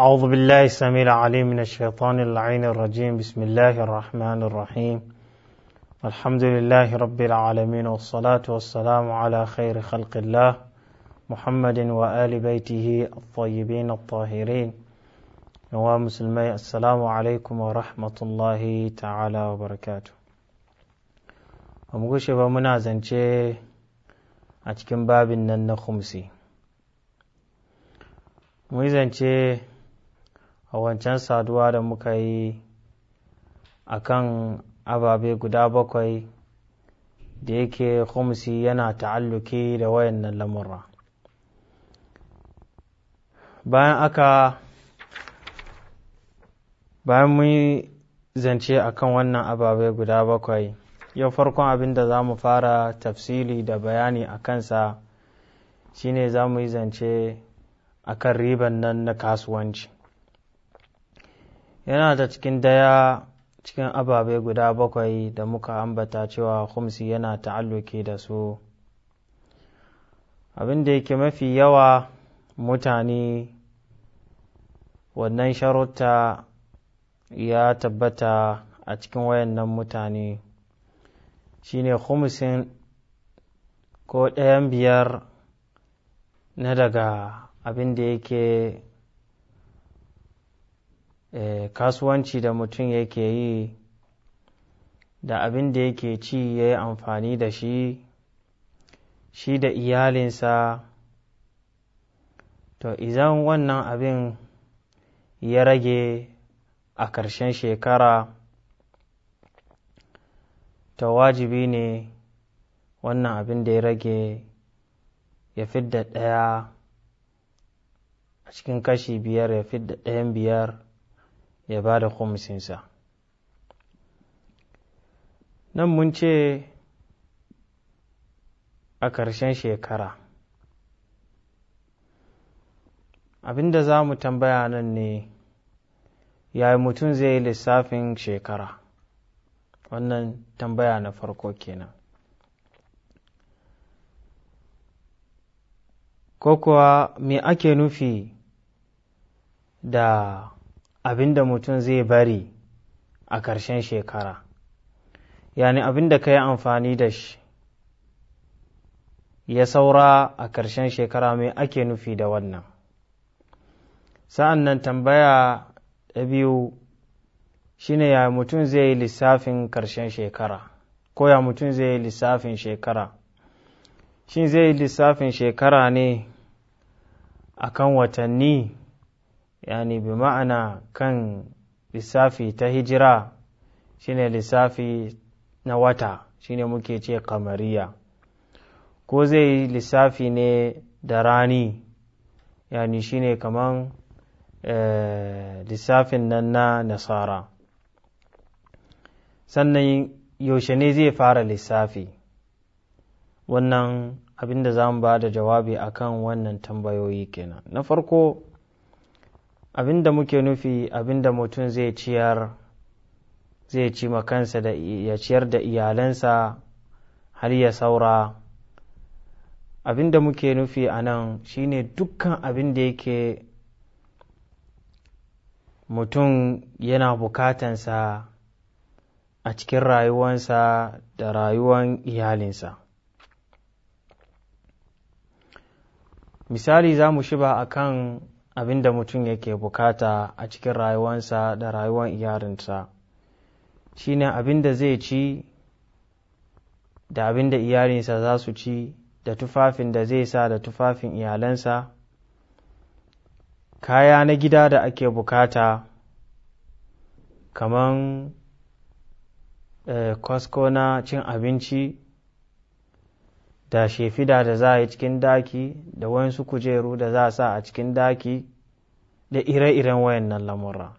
أعوذ بالله السميع العليم من الشيطان اللعين الرجيم بسم الله الرحمن الرحيم الحمد لله رب العالمين والصلاة والسلام على خير خلق الله محمد وآل بيته الطيبين الطاهرين ومسلمي السلام عليكم ورحمة الله تعالى وبركاته ومقشف منازن شيء أتكن باب النن خمسي mun zance a wancan saduwa da muka yi a kan ababe guda bakwai da yake khumsi yana ta'alluki da wayannan lamurra bayan aka bayan mun zance a kan wannan ababe guda bakwai yau farkon abin da za mu fara tafsili da bayani a kansa shine za mu yi zance a kan riban nan na kasuwanci yana da cikin daya cikin ababe guda bakwai da muka ambata cewa khumsi yana ta'alluki da su abin da yake mafi yawa mutane wannan sharuta ya tabbata a cikin wayannan mutane shine khumsin ko ɗayan biyar na daga abin da yake Eh, kasuwanci da mutum yake yi da abin da yake ci ya yi amfani da shi shi da iyalinsa to izan wannan abin ya rage a ƙarshen shekara ta wajibi ne wannan abin da ya rage ya fidda ɗaya a cikin kashi biyar ya fidda ɗayan biyar ya ba da nan mun ce a ƙarshen shekara abinda za mu tambaya nan ne yayi mutum zai yi lissafin shekara wannan tambaya na farko kenan ko kuwa me ake nufi da Abin da mutum zai bari a ƙarshen shekara yani da ka yi amfani da shi ya saura a ƙarshen shekara mai ake nufi da wannan sa'an nan tambaya ta biyu shine ya mutum zai yi lissafin ƙarshen shekara ko ya mutum zai yi lissafin shekara shin zai yi lissafin shekara ne a kan watanni yani bi ma'ana kan lissafi ta hijira shine lissafi na wata shine muke ce kamariya ko zai yi lissafi ne da rani yani shine kaman eh, lissafin nan na nasara sannan yaushe ne zai fara lissafi wannan abinda za mu ba da jawabi akan wannan tambayoyi kenan na farko abinda muke nufi abinda mutum zai ciyar zai ci makansa da ya ciyar da iyalansa har ya saura abinda muke nufi a nan shine dukkan abin da yake mutum yana bukatansa a cikin rayuwansa da rayuwan iyalinsa misali za mu shiba akan. abin da mutum yake bukata a cikin rayuwansa da rayuwan iyarinsa shine abin da zai ci da abin da iyalinsa za su ci da tufafin da zai sa da tufafin iyalansa kaya na gida da ake bukata kaman eh, kwasko na cin abinci da shefida da za a yi cikin daki da wayansu kujeru da za a sa a cikin daki da ire-iren wayannan lamura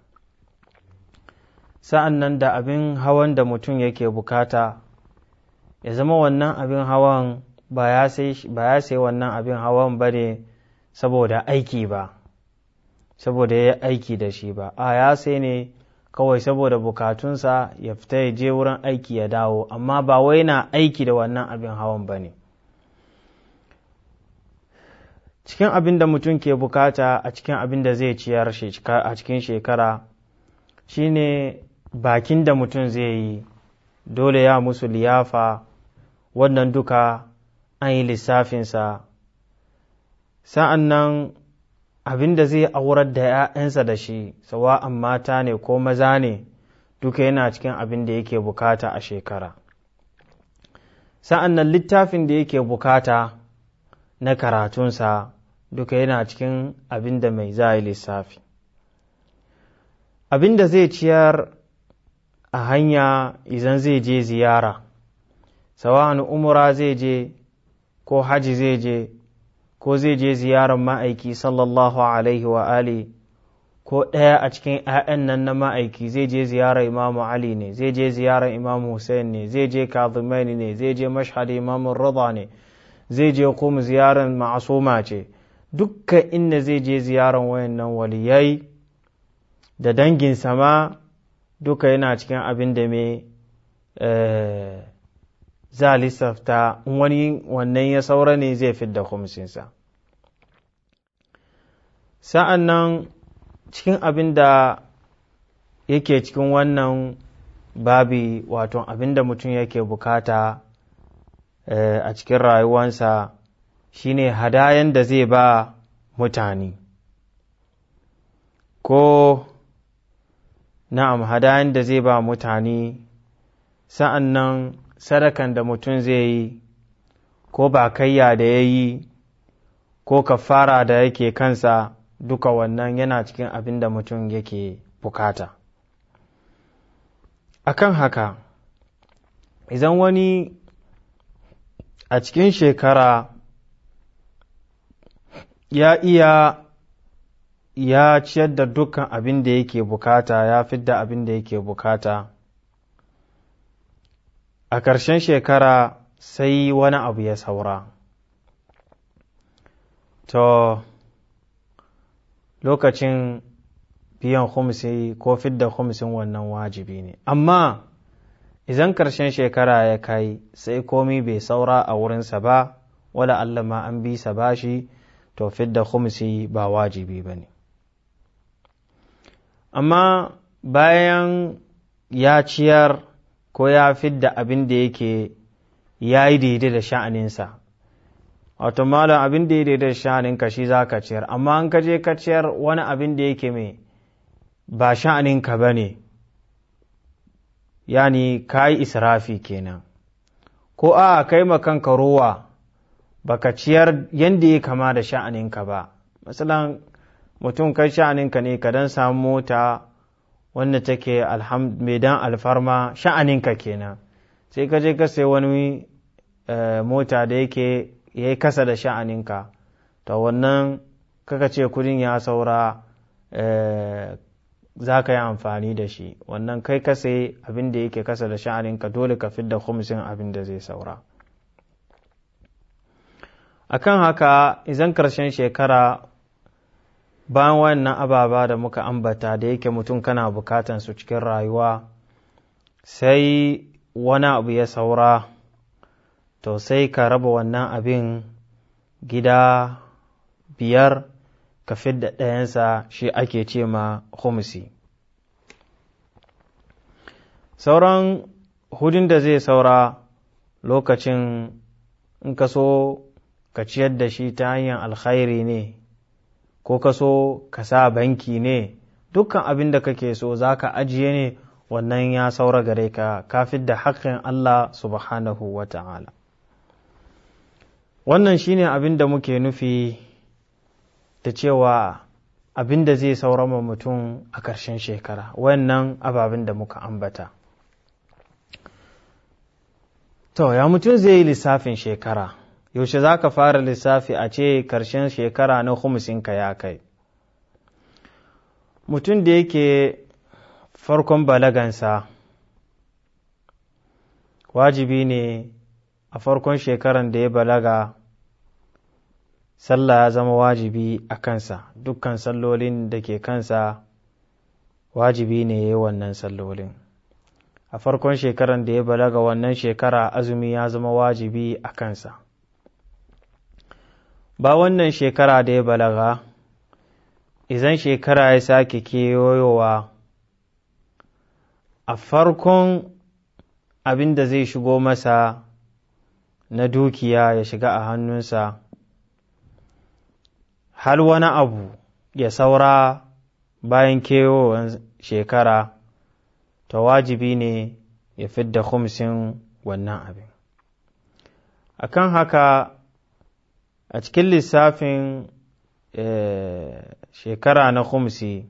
sa'an nan da abin hawan da mutum yake bukata ya zama wannan abin hawan ba ya sai wannan abin hawan ba ne saboda aiki ba saboda ya aiki da shi ba a ya sai ne kawai saboda bukatunsa ya fita ya je wurin aiki ya dawo amma ba wai na aiki da wannan abin hawan ba ne cikin abin da mutum ke bukata a cikin abin da zai ciyar a cikin shekara shine bakin da mutum zai yi dole ya musu liyafa wannan duka an yi lissafinsa sa'an nan abin da zai aurar da ‘ya'yansa da shi sawa'an mata ne ko maza ne duka yana cikin abin da yake bukata a shekara sa'an nan littafin da yake bukata na karatunsa duka yana cikin abin da mai za lissafi abin da zai ciyar a hanya izan zai je ziyara sawan umura zai je ko haji zai je ko zai je ziyarar ma'aiki sallallahu alaihi wa ali ko ɗaya a cikin 'ya'yan nan na ma'aiki zai je ziyarar imamu ali ne zai je ziyarar imamu hussein ne zai je kazimaini ne zai je mashhadi imamun rada ne zai je kuma ziyaran ma'asuma ce dukka inda zai je ziyaran nan waliyai da dangin sama duka yana cikin abin da mai eh, za lissafta wani wannan ya saura ne zai fidda kumsinsa sa'an nan cikin abin da yake cikin wannan babi wato abin da mutum yake bukata Eh, a cikin rayuwansa shine hadayan da zai ba mutane ko na'am hadayan da zai ba mutane sa'an nan sadakan da mutum zai yi ko bakayya da ya yi ko kafara da yake kansa duka wannan yana cikin abin da mutum yake bukata akan haka idan wani a cikin shekara ya iya ya ciyar da dukkan abin da yake bukata ya fidda abin da yake bukata a ƙarshen shekara sai wani abu ya saura to lokacin biyan humsi ko fidda humsin wannan wajibi ne amma Izan karshen shekara ya kai sai komi bai saura a wurinsa ba, wala Allah ma an bi sa bashi to fidda khumsi ba wajibi ba ne. Amma bayan ya ciyar ko ya fidda abin da yake ya yi daidai da sha'aninsa, wato malam abin da ya daidai da sha'aninka shi za ka ciyar, amma an ka je ka ciyar wani abin da yake mai ba sha'aninka ba ne. yani ka yi israfi kenan ko a kai kanka ruwa baka ciyar yadda ya kama da sha'aninka ba misalan mutum kai sha'aninka ne ka dan samu mota wanda take mai dan alfarma sha'aninka kenan sai ka je ka sai wani eh, mota da yake ya kasa da sha'aninka ta wannan kaka ce kudin ya saura eh, za ka yi amfani da shi wannan kai ka sayi abin da yake kasa da sha'aninka dole ka fidda kumsin abin da zai saura akan haka izan karshen shekara bayan wannan ababa da muka ambata da yake mutum kana bukatan su cikin rayuwa sai wani abu ya saura to sai ka raba wannan abin gida biyar ka fidda ɗayansa shi ake ce ma khumsi sauran hudun da zai saura lokacin in ka so ka ciyar da shi ta hanyar alkhairi ne ko ka so ka sa banki ne dukkan abin da kake so za ka ajiye ne wannan ya saura gare ka kafin da haƙƙin Allah subhanahu wa ta'ala wannan shine abin da muke nufi da cewa abin da zai saurama mutum a ƙarshen shekara wannan ababin da muka ambata to ya mutum zai yi lissafin shekara yaushe za ka fara lissafi a ce ƙarshen shekara na humusinka ya kai mutum da yake farkon balagansa wajibi ne a farkon shekaran da ya balaga sallah ya zama wajibi a kansa dukkan sallolin da ke kansa wajibi ne ya yi wannan sallolin a farkon shekaran da ya balaga wannan shekara azumi ya zama wajibi a kansa ba wannan shekara da ya balaga izan shekara ya sake kewayowa a farkon abin da zai shigo masa na dukiya ya shiga a hannunsa hal wani abu ya saura bayan kewowar shekara ta wajibi ne ya fidda kumsin wannan abin akan haka a cikin lissafin eh, shekara na kumsi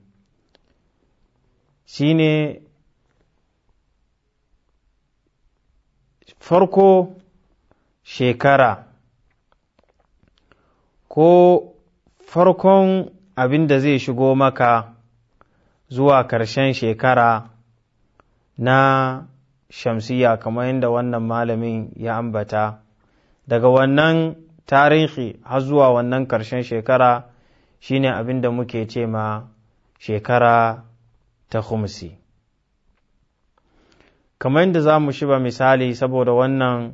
shi ne farko shekara ko farkon abin da zai shigo maka zuwa ƙarshen shekara na shamsiya kamar yadda wannan malamin ya ambata daga wannan tarihi har zuwa wannan ƙarshen shekara shine abin da muke ce ma shekara ta khumsi kamar yadda za mu shiba misali saboda wannan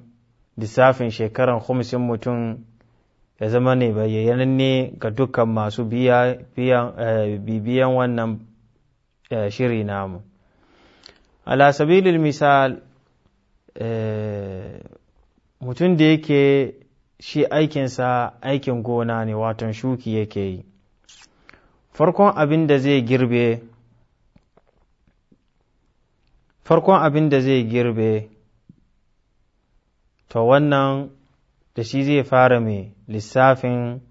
lissafin shekaran khumsin mutum ya zama ne bayyananne ga dukkan masu eh, bibiyan wannan eh, shiri namu ala sabilil misal eh, mutum da yake shi aikinsa aikin gona ne watan shuki yake yi farkon abin da zai girbe farkon abin da zai girbe to wannan da shi zai fara mai lissafin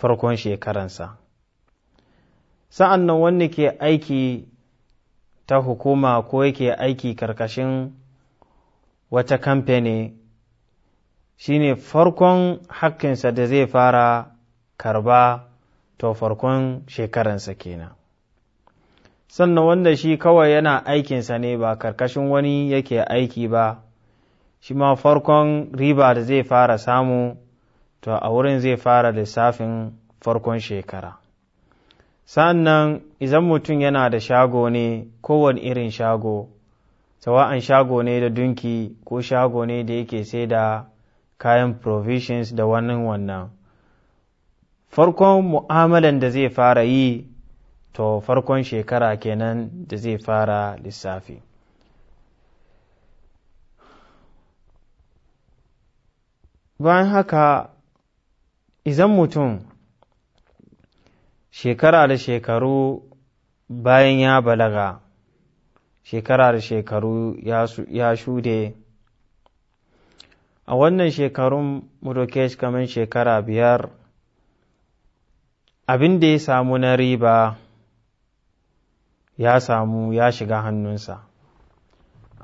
farkon shekaransa sa'an nan wani ke aiki ta hukuma ko yake aiki karkashin wata kamfani shine farkon hakkinsa da zai fara karba to farkon shekaransa kenan sannan wanda shi kawai yana aikinsa ne ba karkashin wani yake aiki ba shi ma farkon riba da zai fara samu to a wurin zai fara lissafin farkon shekara sa'an izan mutum yana da shago ne kowane irin shago sawa'an shago ne da dunki ko shago ne da yake sai da kayan provisions da wannan wannan farkon mu'amalan da zai fara yi to farkon shekara kenan da zai fara lissafi bayan haka izan mutum shekara da shekaru bayan ya balaga shekara da shekaru ya shude a wannan shekarun mudokesh kamar shekara biyar abin da ya samu na riba ya samu ya shiga hannunsa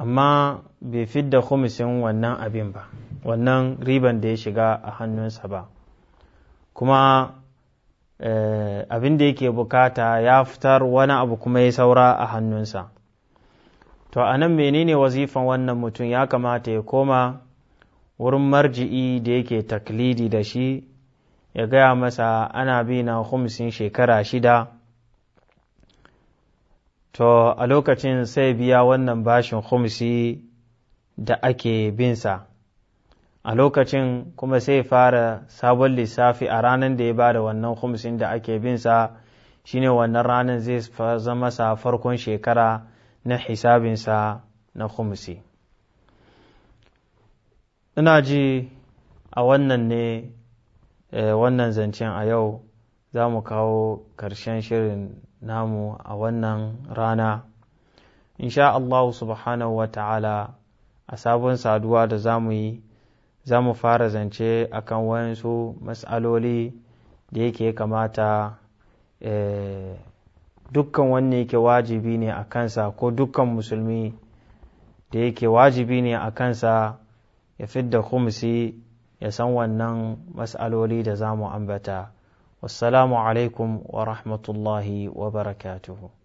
amma bai fidda kumisin wannan abin ba wannan riban da ya shiga a hannunsa ba kuma eh, abin da yake bukata ya fitar wani abu kuma ya saura a hannunsa to a nan menene wazifan wannan mutum ya kamata ya koma wurin marji'i da yake taklidi da shi ya gaya masa ana bi na kumisin shekara shida to a lokacin sai biya wannan bashin khumsi da ake sa, a lokacin kuma sai fara sabon lissafi a ranar da ya ba da wannan khumsin da ake sa, shine wannan ranar zai zama sa farkon shekara na hisabinsa na khumsi ina ji a wannan ne eh, wannan zancen a yau za mu kawo ƙarshen shirin namu a wannan rana insha Allah subhanahu wa ta'ala a sabon saduwa da za mu yi za mu fara zance akan wasu masaloli da yake kamata eh, dukkan wanne yake wajibi ne a kansa ko dukkan musulmi da yake wajibi ne a kansa ya fidda kumsi ya san wannan matsaloli da za mu ambata والسلام عليكم ورحمه الله وبركاته